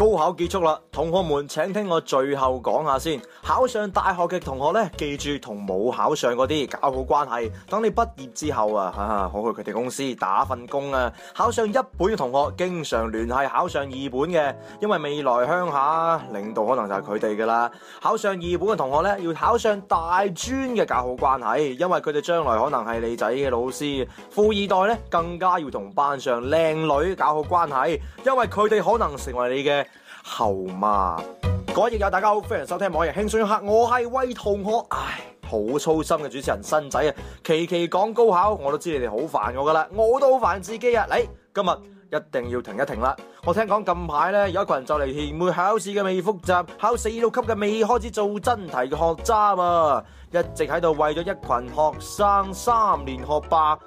高考結束啦，同學們請聽我最後講下先。考上大學嘅同學呢，記住同冇考上嗰啲搞好關係，等你畢業之後啊，哈、啊、哈，好、啊、去佢哋公司打份工啊。考上一本嘅同學，經常聯繫考上二本嘅，因為未來鄉下領導可能就係佢哋噶啦。考上二本嘅同學呢，要考上大專嘅搞好關係，因為佢哋將來可能係你仔嘅老師。富二代呢，更加要同班上靚女搞好關係，因為佢哋可能成為你嘅。后嘛，各位網友大家好，歡迎收聽網易輕鬆一刻，我係威同學唉好操心嘅主持人新仔啊，期期講高考，我都知你哋好煩我噶啦，我都好煩自己啊，嚟、哎、今日一定要停一停啦，我聽講近排呢，有一群就嚟期末考試嘅未複習，考四六級嘅未開始做真題嘅學渣啊，一直喺度為咗一群學生三年學霸，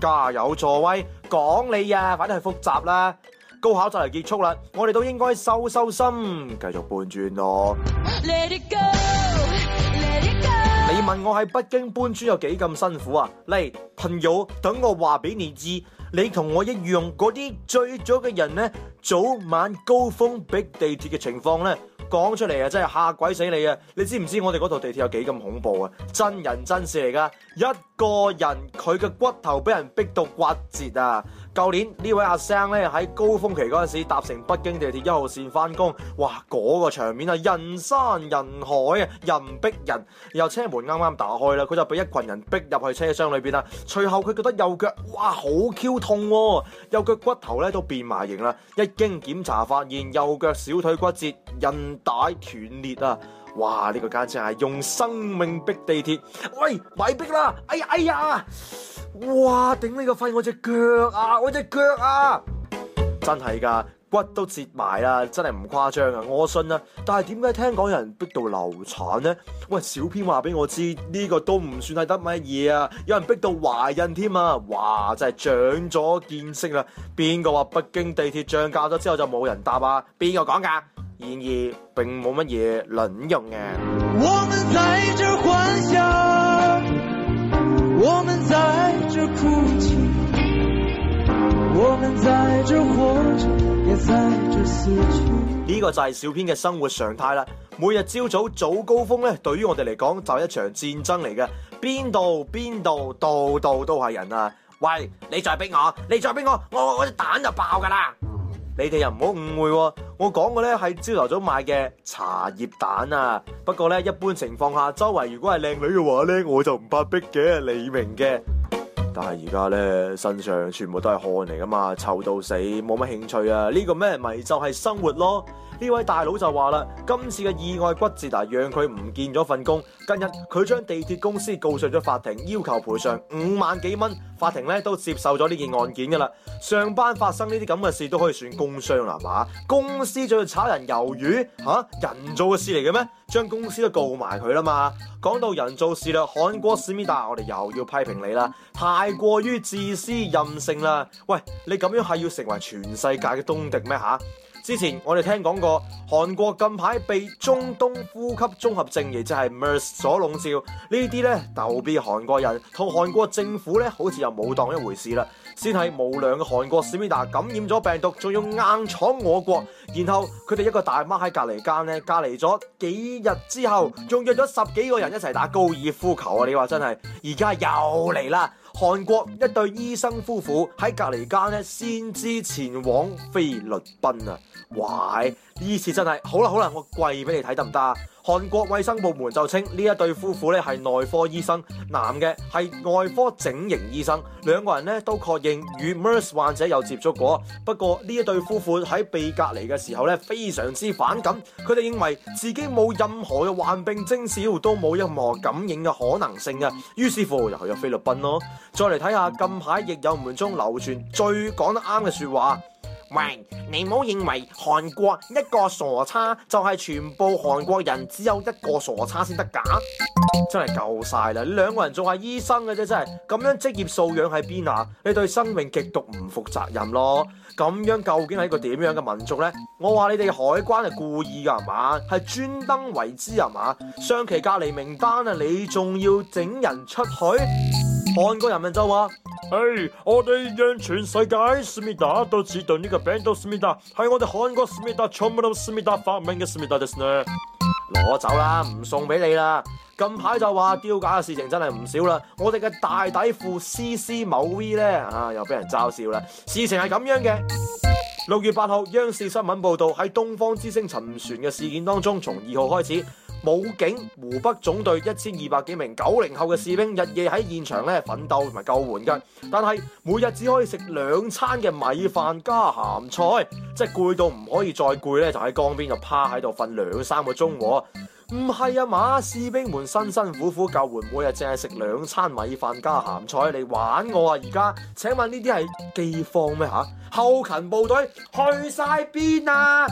加油助威，講你啊，快啲去複習啦。高考就嚟結束啦，我哋都應該收收心，繼續搬磚咯。Let it go, Let it go。你問我喺北京搬磚有幾咁辛苦啊？嚟，朋友，等我話俾你知，你同我一樣嗰啲最早嘅人呢，早晚高峰逼地鐵嘅情況呢，講出嚟啊，真係嚇鬼死你啊！你知唔知我哋嗰套地鐵有幾咁恐怖啊？真人真事嚟㗎，一個人佢嘅骨頭俾人逼到骨折啊！舊年位呢位阿生咧喺高峰期嗰陣時搭乘北京地鐵一號線返工，哇嗰、嗰個場面啊人山人海啊人逼人，然又車門啱啱打開啦，佢就俾一群人逼入去車廂裏邊啦。隨後佢覺得右腳哇好 Q 痛、啊，右腳骨頭咧都變埋形啦。一經檢查發現右腳小腿骨折、韌帶斷裂啊！哇呢、這個簡直係用生命逼地鐵，喂咪逼啦！哎呀哎呀！哇！頂你個肺，我隻腳啊！我隻腳啊！真係噶骨都折埋啦，真係唔誇張啊！我信啊。但係點解聽講有人逼到流產呢？喂，小編話俾我知呢、呢個都唔算係得乜嘢啊！有人逼到懷孕添啊！哇！真係長咗見識啦！邊個話北京地鐵漲價咗之後就冇人搭啊？邊個講噶？然而並冇乜嘢卵用嘅！呢個就係小編嘅生活常態啦。每日朝早，早早高峰咧，對於我哋嚟講就係一場戰爭嚟嘅，邊度邊度，度度都係人啊！喂，你再逼我，你再逼我，我我隻蛋就爆噶啦。你哋又唔好誤會，啊，我講嘅咧係朝頭早買嘅茶葉蛋啊。不過咧，一般情況下，周圍如果係靚女嘅話咧，我就唔怕逼嘅，你明嘅。但係而家咧，身上全部都係汗嚟㗎嘛，臭到死，冇乜興趣啊！呢、呢個咩咪就係生活咯。呢位大佬就話啦，今次嘅意外骨折啊，讓佢唔見咗份工。近日佢將地鐵公司告上咗法庭，要求賠償五萬幾蚊。法庭咧都接受咗呢件案件噶啦。上班發生呢啲咁嘅事都可以算工傷啦，係嘛？公司仲要炒人魷魚，吓、啊、人做嘅事嚟嘅咩？將公司都告埋佢啦嘛。講到人做事啦，韓國史密達，我哋又要批評你啦，太過於自私任性啦。喂，你咁樣係要成為全世界嘅東敵咩吓？啊之前我哋聽講過，韓國近排被中東呼吸綜合症，亦即係 MERS 所籠罩。呢啲咧逗逼韓國人同韓國政府咧，好似又冇當一回事啦。先係無良嘅韓國史密達感染咗病毒，仲要硬闖我國。然後佢哋一個大媽喺隔離間咧，隔離咗幾日之後，仲約咗十幾個人一齊打高爾夫球啊！你話真係，而家又嚟啦。韓國一對醫生夫婦喺隔離間咧，先知前往菲律賓啊！喂，呢次真係好啦好啦，我跪俾你睇得唔得？行韓國衛生部門就稱呢一對夫婦咧係內科醫生，男嘅係外科整形醫生，兩個人咧都確認與 MERS 患者有接觸過。不過呢一對夫婦喺被隔離嘅時候咧非常之反感，佢哋認為自己冇任何嘅患病徵兆，都冇任何感染嘅可能性嘅。於是乎又去咗菲律賓咯。再嚟睇下近排亦有門中流傳最講得啱嘅説話。喂，你唔好認為韓國一個傻叉就係全部韓國人，只有一個傻叉先得噶，真係夠晒啦！你兩個人做下醫生嘅啫，真係咁樣職業素養喺邊啊？你對生命極度唔負責任咯，咁樣究竟係一個點樣嘅民族呢？我話你哋海關係故意噶係嘛，係專登為之係嘛？上期隔離名單啊，你仲要整人出去？韓國人民就話。誒，我哋讓全世界思密達都知道呢個病毒思密達，係我哋韓國思密達、中國大陸思密達發明嘅思密達嘅呢？攞走啦，唔送俾你啦。近排就話丟架嘅事情真係唔少啦。我哋嘅大底褲 C C 某 V 咧啊，又俾人嘲笑啦。事情係咁樣嘅，六月八號央視新聞報道喺東方之星沉船嘅事件當中，從二號開始。武警湖北總隊一千二百幾名九零後嘅士兵日夜喺現場咧奮鬥同埋救援噶，但係每日只可以食兩餐嘅米飯加鹹菜，即係攰到唔可以再攰咧，就喺江邊就趴喺度瞓兩三個鐘啊。唔係啊嘛，士兵們辛辛苦苦救援，每日淨係食兩餐米飯加鹹菜，你玩我啊！而家請問呢啲係饑荒咩吓啊？後勤部隊去晒邊啊！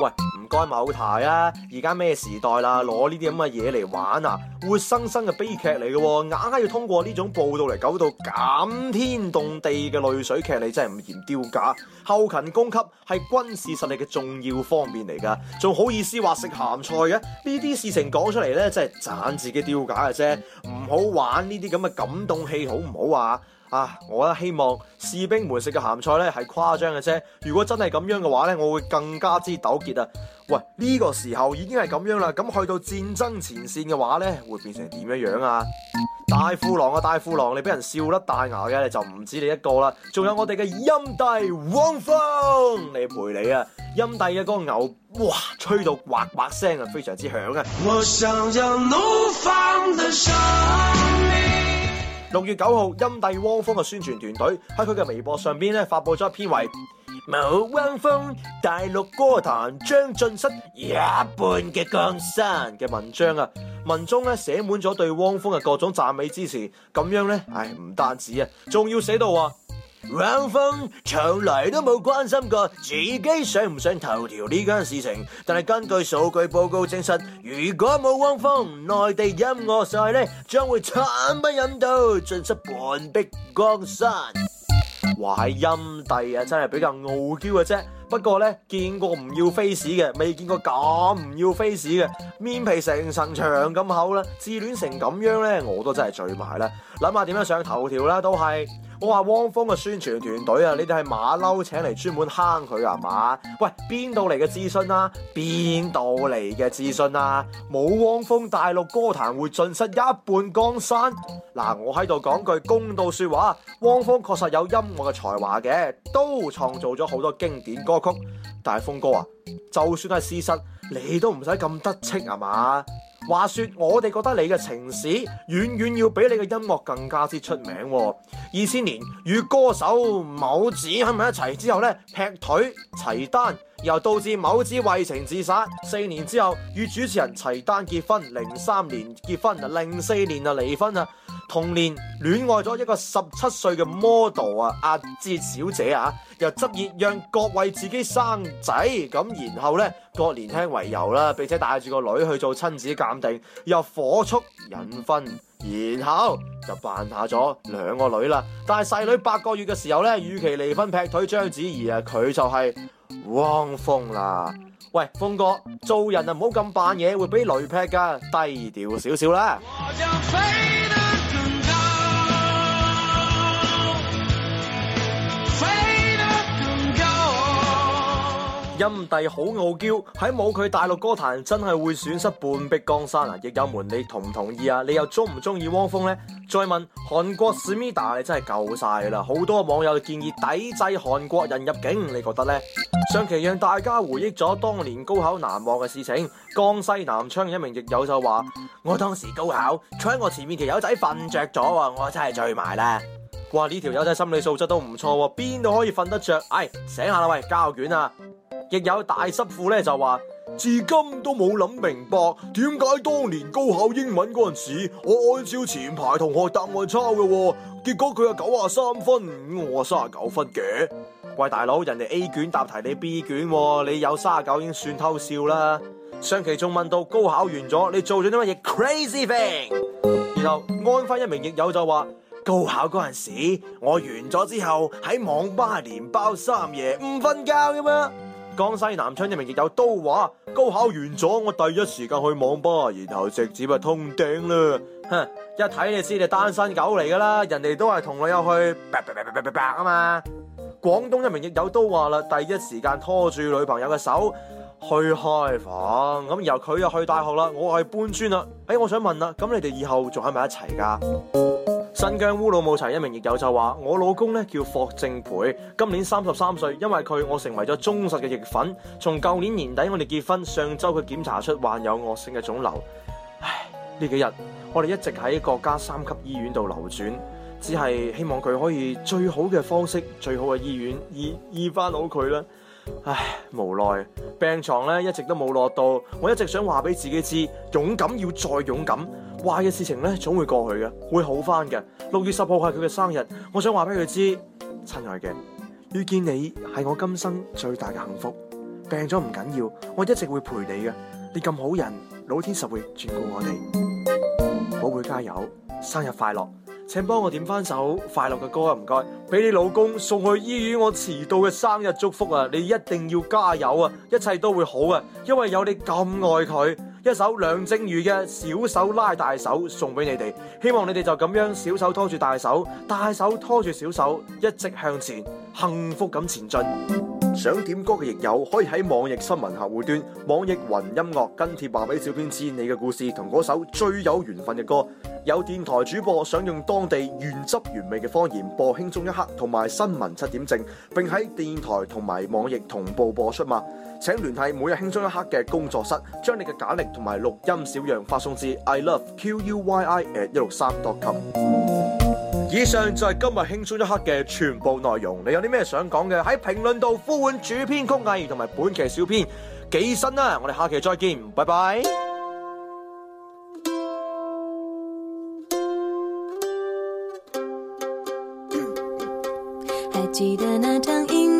喂，唔該，某台啊！而家咩時代啦，啊？攞呢啲咁嘅嘢嚟玩啊，活生生嘅悲劇嚟嘅，硬係要通過呢種報道嚟搞到感天動地嘅淚水劇，你真係唔嫌丟架。後勤供給係軍事實力嘅重要方面嚟噶，仲好意思話食鹹菜嘅？呢啲事情講出嚟呢，真係盞自己丟架嘅啫，唔好玩呢啲咁嘅感動戲，好唔好啊？啊！我都希望士兵們食嘅鹹菜咧係誇張嘅啫。如果真係咁樣嘅話呢，我會更加之糾結啊！喂，呢個時候已經係咁樣啦，咁去到戰爭前線嘅話呢會變成點樣樣啊？大富郎啊，大富郎，你俾人笑得大牙嘅，你就唔止你一個啦。仲有我哋嘅音帝汪峰你陪你啊！音帝嘅嗰個牛，哇，吹到嘩嘩聲啊，非常之響啊！我想要怒放的六月九號，音帝汪峰嘅宣傳團隊喺佢嘅微博上邊咧發佈咗一篇為《冇汪峰大陸歌壇將盡失一半嘅江山》嘅文章啊，文中咧寫滿咗對汪峰嘅各種讚美之詞，咁樣咧，唉，唔單止啊，仲要寫到話。汪峰從嚟都冇關心過自己上唔上頭條呢件事情，但係根據數據報告證實，如果冇汪峰，內地音樂界呢將會慘不忍睹，盡失半壁江山。話喺音帝啊，真係比較傲嬌嘅啫。不過呢，見過唔要 face 嘅，未見過咁唔要 face 嘅，面皮成層牆咁厚啦，自戀成咁樣呢，我都真係醉埋啦。諗下點樣上頭條啦，都係。我話、哦、汪峰嘅宣傳團隊啊，你哋係馬騮請嚟專門坑佢啊嘛？喂，邊度嚟嘅自信啊？邊度嚟嘅自信啊？冇汪峰，大陸歌壇會盡失一半江山。嗱，我喺度講句公道說話，汪峰確實有音樂嘅才華嘅，都創造咗好多經典歌曲。但係峰哥啊，就算係事實，你都唔使咁得戚啊嘛？話說我哋覺得你嘅情史遠遠要比你嘅音樂更加之出名。二千年與歌手某子喺埋一齊之後呢，劈腿，齊丹，又導致某子為情自殺。四年之後與主持人齊丹結婚，零三年結婚，零四年就離婚啦。同年戀愛咗一個十七歲嘅 model 啊，阿哲小姐啊，又執意讓各位自己生仔，咁然後呢，各年輕為由啦，並且帶住個女去做親子鑑定，又火速隱婚，然後就扮下咗兩個女啦。但係細女八個月嘅時候呢，與其離婚劈腿，章子怡啊，佢就係汪峰啦。喂，峰哥，做人啊唔好咁扮嘢，會俾雷劈噶，低調少少啦。音帝好傲嬌，喺冇佢大陸歌壇真係會損失半壁江山啊！亦友們，你同唔同意啊？你又中唔中意汪峰呢？再問韓國史密達，你真係夠晒啦！好多網友建議抵制韓國人入境，你覺得呢？上期讓大家回憶咗當年高考難忘嘅事情。江西南昌一名亦友就話，我當時高考坐喺我前面，條友仔瞓着咗啊！我真係醉埋啦！哇，呢條友仔心理素質都唔錯，邊度可以瞓得着？哎，醒下啦，喂，交卷啊！亦有大濕父咧就話，至今都冇諗明白點解當年高考英文嗰陣時，我按照前排同學答案抄嘅，結果佢係九啊三分，嗯、我三啊九分嘅。喂，大佬，人哋 A 卷答題你 B 卷，哦，你有三啊九已經算偷笑啦。上期仲問到高考完咗，你做咗啲乜嘢 crazy thing？然後安翻一名譯友就話，高考嗰陣時我完咗之後喺網吧連包三夜唔瞓覺噶嘛。江西南昌一名亦友都話：高考完咗，我第一時間去網吧，然後直接咪通頂啦。哼！一睇你知你單身狗嚟噶啦，人哋都係同女友去白白白白白白白啊嘛。廣東一名亦友都話啦，第一時間拖住女朋友嘅手去開房，咁然後佢又去大學啦，我係搬磚啦。哎，我想問啦，咁你哋以後仲係咪一齊噶？新疆烏魯木齊一名熱友就話：我老公咧叫霍正培，今年三十三歲，因為佢，我成為咗忠實嘅熱粉。從舊年年底我哋結婚，上周佢檢查出患有惡性嘅腫瘤。唉，呢幾日我哋一直喺國家三級醫院度流轉，只係希望佢可以最好嘅方式、最好嘅醫院醫醫翻好佢啦。唉，無奈病床咧一直都冇落到，我一直想話俾自己知，勇敢要再勇敢。壞嘅事情咧，總會過去嘅，會好翻嘅。六月十號係佢嘅生日，我想話俾佢知，親愛嘅，遇見你係我今生最大嘅幸福。病咗唔緊要，我一直會陪你嘅。你咁好人，老天實會眷顧我哋。寶貝加油，生日快樂！請幫我點翻首快樂嘅歌啊，唔該。俾你老公送去醫院，我遲到嘅生日祝福啊！你一定要加油啊！一切都會好啊，因為有你咁愛佢。一首梁靜茹嘅《小手拉大手》送俾你哋，希望你哋就咁樣小手拖住大手，大手拖住小手，一直向前，幸福咁前進。想點歌嘅亦有，可以喺網易新聞客戶端、網易雲音樂跟帖話俾小編知你嘅故事同嗰首最有緣分嘅歌。有電台主播想用當地原汁原味嘅方言播《輕鬆一刻》同埋新聞七點正，並喺電台同埋網易同步播出嘛？請聯繫每日輕鬆一刻嘅工作室，將你嘅簡歷同埋錄音小樣發送至 i love q u y i at 163 dot com。以上就係今日輕鬆一刻嘅全部內容。你有啲咩想講嘅，喺評論度呼喚主編曲藝同埋本期小編幾新啦、啊。我哋下期再見，拜拜。